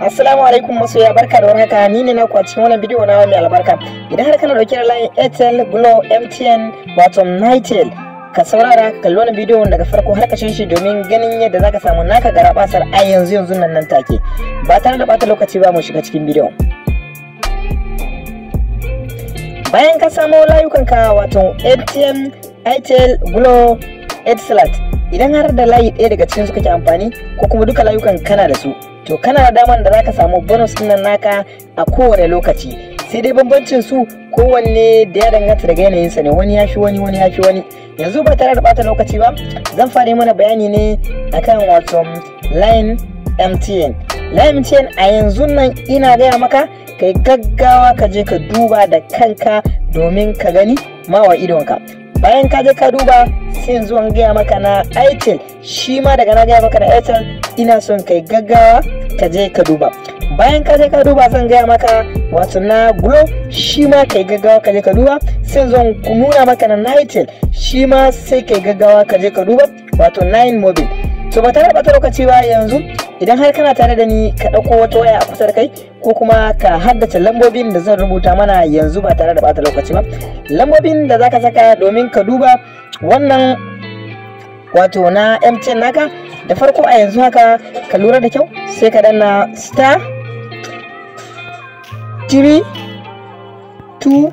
Assalamu alaikum masoya barka da warhaka ni ne na a cikin wannan bidiyo na mai albarka. Idan har kana dauke da layin Airtel, Glo, MTN, wato Nitel, ka saurara ka kalli wannan bidiyo daga farko har kashin shi domin ganin yadda zaka samu naka basar a yanzu yanzu nan nan take. Ba tare da bata lokaci ba mu shiga cikin bidiyo Bayan ka samo layukanka wato MTN, Airtel, Glo, Edslat idan har da layi ɗaya daga cikin su kake amfani ko kuma duka layukan kana da su to kana da daman da zaka samu bonus din nan naka a kowane lokaci sai dai bambancin su kowanne da ya danganta daga yanayin sa ne wani ya fi wani wani ya fi wani yanzu ba tare da bata lokaci ba zan fara mana bayani ne akan wato line MTN line MTN a yanzu nan ina gaya maka kai gaggawa ka je ka duba da kanka domin ka gani mawa idonka bayan ka je ka duba sai yanzu gaya maka na itel shi ma daga na gaya maka na itel ina son kai gaggawa ka je ka duba bayan ka je ka duba zan gaya maka wato na glo shi ma kai gaggawa ka je ka duba sai zan nuna maka na nitel shi ma sai kai gaggawa ka je ka duba wato 9 mobile to ba tare ta lokaci ba yanzu idan har kana tare da ni ka ɗauko wata waya a kusa da kai ko kuma ka haddace lambobin da zan rubuta mana yanzu ba tare da bata lokaci ba lambobin da za ka saka domin ka duba wannan wato na mtn naka da farko a yanzu haka ka lura da kyau sai ka danna star 3 2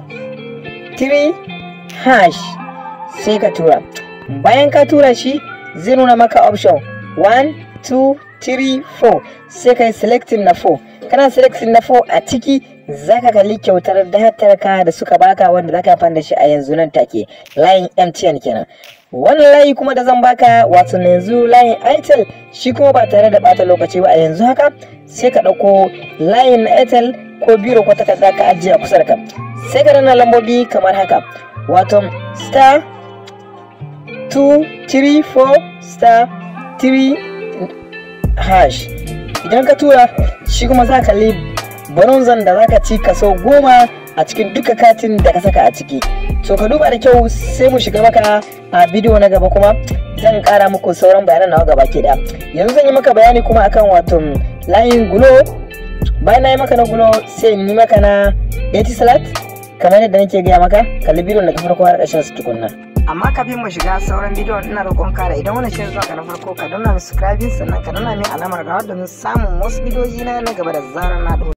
3 hash sai ka tura bayan ka tura shi zai nuna maka option 1 2 3 4 sai kai selecting na four kana selecting na 4 a ciki zaka kalli kyautar datar ka da suka baka wanda zaka amfani da shi a yanzu nan take line MTN kenan wannan layi kuma da zan baka wato yanzu layin Itel shi kuma ba tare da bata lokaci ba a yanzu haka sai ka dauko layin Itel ko biro ko takarda ka ajiye a kusa da ka sai ka rana lambobi kamar haka wato star 2 3 4 star 3 hash idan ka tura shi kuma za ka li bonanzan da za ka ci kaso goma a cikin duka katin da ka saka a ciki to ka duba da kyau sai mu shiga maka a bidiyo na gaba kuma zan kara muku sauran bayanan nawa gaba ke da yanzu zan yi maka bayani kuma akan wato layin gulo bayan na yi maka na gulo sai in yi maka na salat kamar yadda nake gaya maka kalli bidiyon daga farko har ƙarshen su tukunna amma kafin mu shiga sauran bidiyon ina roƙon ka da idan wani shirin zuwa na farko ka danna subscribing sannan ka danna min alamar ga domin samun wasu bidiyoyi na gaba da zarar na